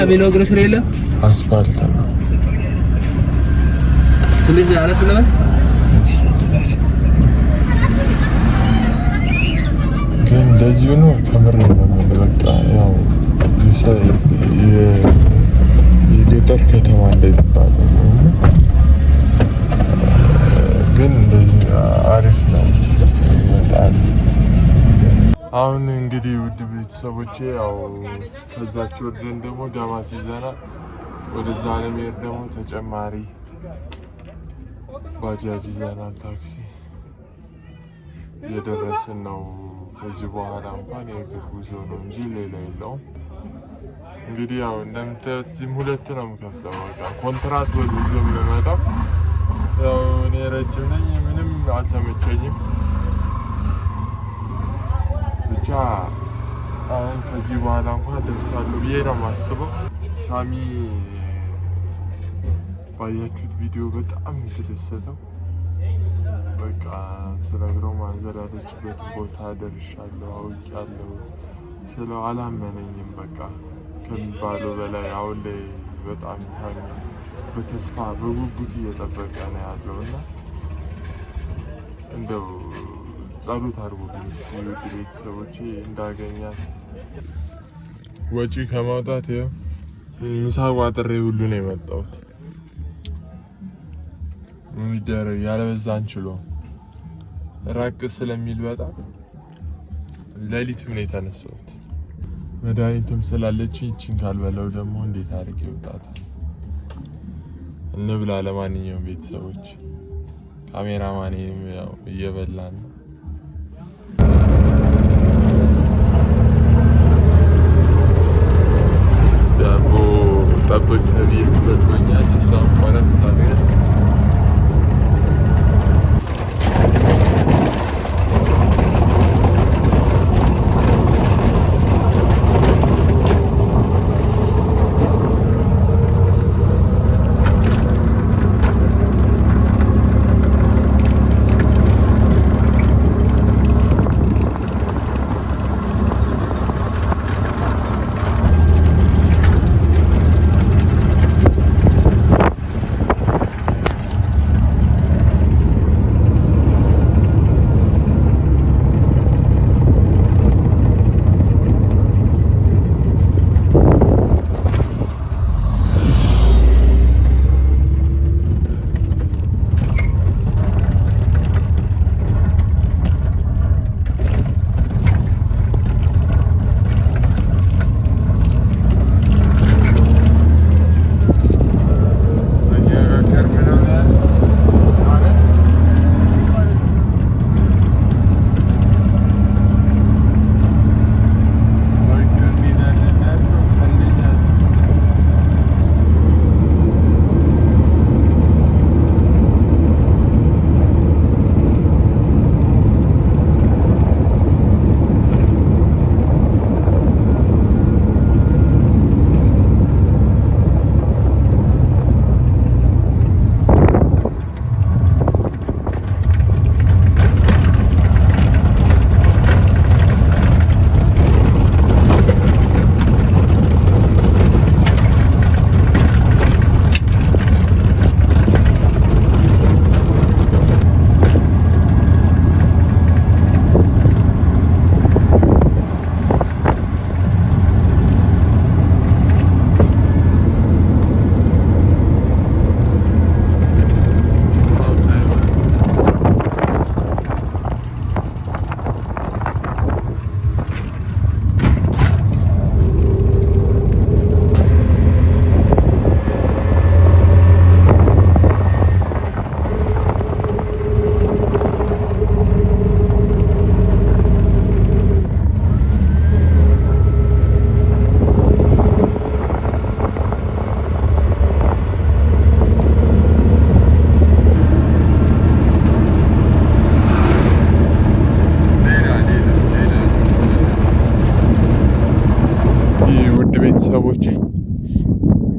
የቤሎ ግሮሰሪ የለም፣ አስፋልት ነው። ስለዚህ አለት ለምን ግን እንደዚሁ ነው። ከምር ነው በቃ ያው የገጠር ከተማ እንደሚባለው ግን እንደዚህ አሪፍ ነው አሁን እንግዲህ ውድ ቤተሰቦቼ ያው ከዛች ወደን ደግሞ ዳማ ሲዘና ወደዛ ለመሄድ ደግሞ ተጨማሪ ባጃጅ ይዘናል፣ ታክሲ የደረስን ነው። ከዚህ በኋላ እንኳን የእግር ጉዞ ነው እንጂ ሌላ የለውም። እንግዲህ ያው እንደምታዩት እዚህም ሁለት ነው የምከፍለው። በቃ ኮንትራት በጉዞ የምመጣው ያው እኔ ረጅም ነኝ፣ ምንም አልተመቸኝም። ብቻ አሁን ከዚህ በኋላ እንኳን ደርሳለሁ ብዬ ነው የማስበው። ሳሚ ባያችሁት ቪዲዮ በጣም የተደሰተው በቃ ስለ እግሮ ማንዘላለችበት ቦታ ደርሻለሁ፣ አውቄያለሁ ስለው አላመነኝም። በቃ ከሚባለው በላይ አሁን ላይ በጣም ታሚ በተስፋ በጉጉት እየጠበቀ ነው ያለው እና እንደው ጸሎት አድርጉልኝ ውድ ቤተሰቦቼ እንዳገኛት ወጪ ከማውጣት ምሳ ቋጥሬ ሁሉ ነው የመጣሁት። ሚደረግ ያለበዛ አንችሎ ራቅ ስለሚል በጣም ሌሊትም ነው የተነሳሁት። መድኃኒትም ስላለች ይችን ካልበላው ደግሞ እንዴት አድርጌ ይወጣታል? እንብላ። ለማንኛውም ቤተሰቦች ካሜራማን ያው እየበላ ነው Tapık Tabii Satürn geldi şu an parası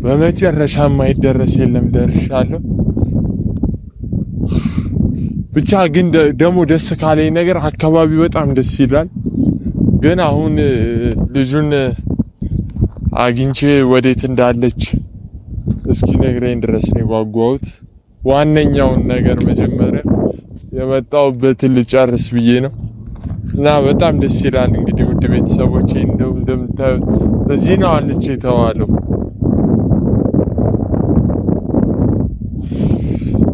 በመጨረሻ የማይደረስ የለም ደርሻለሁ። ብቻ ግን ደግሞ ደስ ካለኝ ነገር አካባቢ በጣም ደስ ይላል። ግን አሁን ልጁን አግኝቼ ወዴት እንዳለች እስኪ ነግረኝ ድረስ ነው የጓጓሁት። ዋነኛውን ነገር መጀመሪያ የመጣሁበትን ልጨርስ ብዬ ነው እና በጣም ደስ ይላል። እንግዲህ ውድ ቤተሰቦቼ እንደው እንደምታዩት እዚህ ነው አለች የተባለው።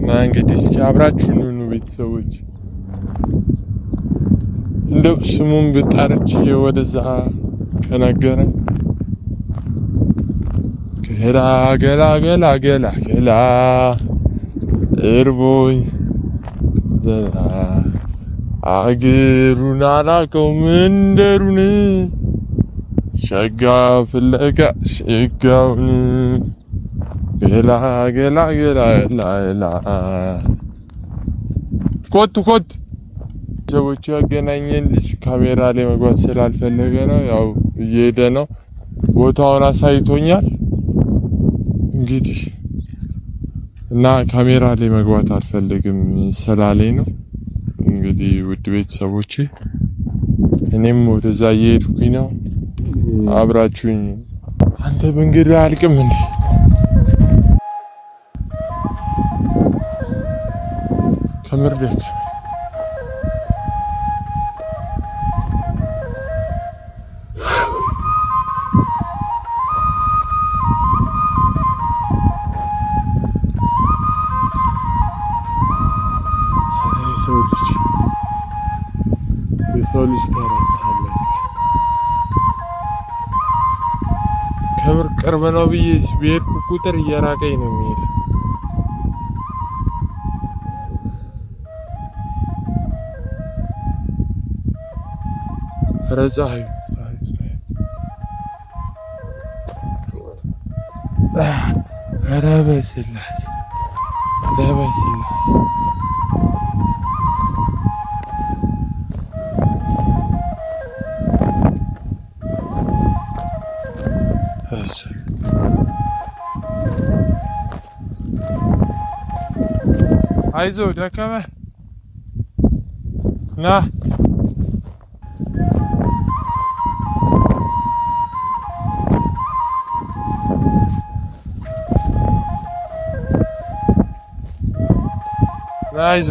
እና እንግዲህ እስኪ አብራችሁን ሁኑ ቤተሰቦች። እንደው ስሙን ብጣርች ወደዛ ከነገረ ገላ ገላ ገላ ገላ ገላ እርቦይ ዘላ አገሩን አላቀው መንደሩን ሸጋ ፍለጋ ሸጋውን ገላ ገላ ገላ ላላ ኮት ኮት ሰዎቹ ያገናኘን ልጅ ካሜራ ላይ መግባት ስላልፈለገ ነው። ያው እየሄደ ነው። ቦታውን አሳይቶኛል። እንግዲህ እና ካሜራ ላይ መግባት አልፈልግም ስላለኝ ነው። እንግዲህ ውድ ቤተሰቦቼ እኔም ወደዛ እየሄድኩኝ ነው። አብራችሁኝ አንተ መንገድ አልቅም እንዴ ትምህርት ቤት የሰው ልጅ ተረታለ ከምር ቅርብ ነው ብዬ ብሄድኩ ቁጥር እየራቀኝ ነው የሚሄድ ኧረ ፀሐይ ኧረ በስላሴ በስላሴ አይዞህ ደከመህ ና Nee,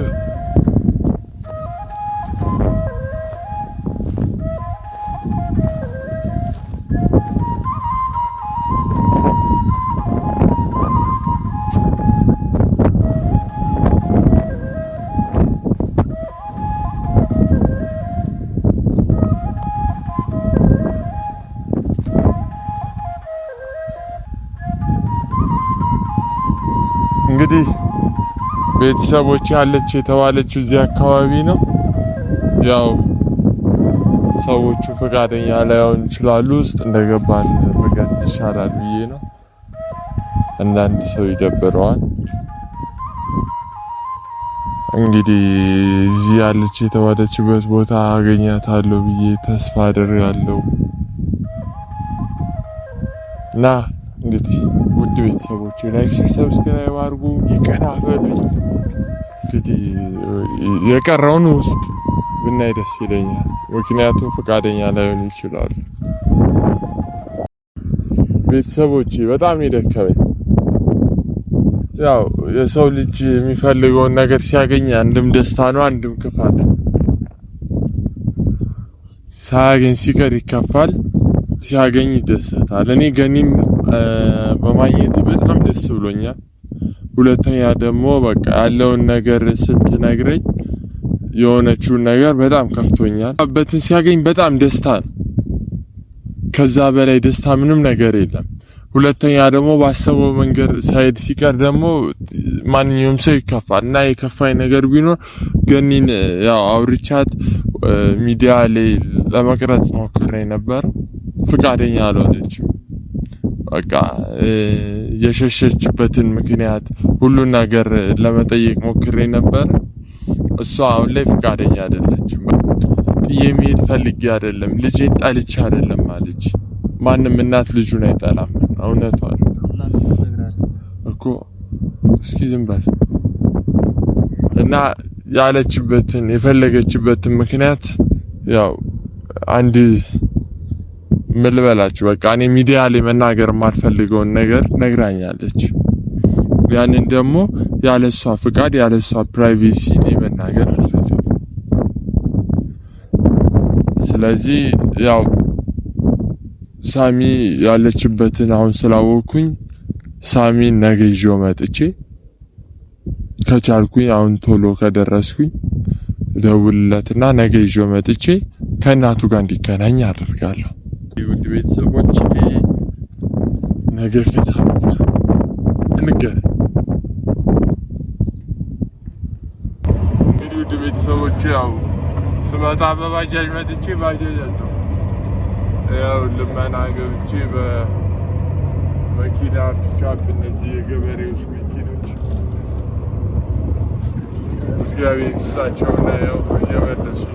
ቤተሰቦች ያለች የተባለችው እዚህ አካባቢ ነው። ያው ሰዎቹ ፈቃደኛ ላይሆን ይችላሉ። ውስጥ እንደገባን ብገልጽ ይሻላል ብዬ ነው። አንዳንድ ሰው ይደብረዋል። እንግዲህ እዚህ ያለች የተባለችበት ቦታ አገኛታለሁ ብዬ ተስፋ አደርጋለሁ ና። እንግዲህ ውድ ቤተሰቦች ላይክ፣ ሼር፣ ሰብስክራይብ አድርጉ። ይቀናፈለኝ እንግዲህ የቀረውን ውስጥ ብናይ ደስ ይለኛል። ምክንያቱም ፈቃደኛ ላይሆን ይችላሉ ቤተሰቦች። በጣም ይደከበኝ። ያው የሰው ልጅ የሚፈልገውን ነገር ሲያገኝ አንድም ደስታ ነው፣ አንድም ክፋት። ሳያገኝ ሲቀር ይከፋል፣ ሲያገኝ ይደሰታል። እኔ ገኒም በማግኘት በጣም ደስ ብሎኛል። ሁለተኛ ደግሞ በቃ ያለውን ነገር ስትነግረኝ የሆነችውን ነገር በጣም ከፍቶኛል። በትን ሲያገኝ በጣም ደስታ ነው። ከዛ በላይ ደስታ ምንም ነገር የለም። ሁለተኛ ደግሞ ባሰበው መንገድ ሳይድ ሲቀር ደግሞ ማንኛውም ሰው ይከፋል እና የከፋኝ ነገር ቢኖር ገኒን ያው አውርቻት ሚዲያ ላይ ለመቅረጽ ሞክሬ ነበር። ፍቃደኛ አልሆነችም። በቃ የሸሸችበትን ምክንያት ሁሉን ነገር ለመጠየቅ ሞክሬ ነበር። እሷ አሁን ላይ ፈቃደኛ አይደለችም። ጥዬ መሄድ ፈልጌ አይደለም፣ ልጄን ጠልቼ አይደለም አለች። ማንም እናት ልጁን አይጠላም። እውነቷ እኮ እስኪ ዝም በል እና ያለችበትን የፈለገችበትን ምክንያት ያው አንድ ምን ልበላችሁ፣ በቃ እኔ ሚዲያ ላይ መናገር የማልፈልገውን ነገር ነግራኛለች። ያንን ደግሞ ያለሷ ፍቃድ ያለሷ ፕራይቬሲ እኔ መናገር አልፈልግም። ስለዚህ ያው ሳሚ ያለችበትን አሁን ስላወቅኩኝ ሳሚን ነገ ይዤው መጥቼ ከቻልኩኝ አሁን ቶሎ ከደረስኩኝ ደውልለትና ነገ ይዤው መጥቼ ከእናቱ ጋር እንዲገናኝ አደርጋለሁ። ውድ ቤተሰቦች ነገ ፊት እንገናኝ። ውድ ቤተሰቦች ያው ስመጣ በባጃጅ መጥቼ ባጃጅ አለው ያው ልመና ገብቼ በመኪና ፒካፕ እነዚህ የገበሬዎች መኪኖች እግዚአብሔር ይስጣቸውና ያው እየመለሱ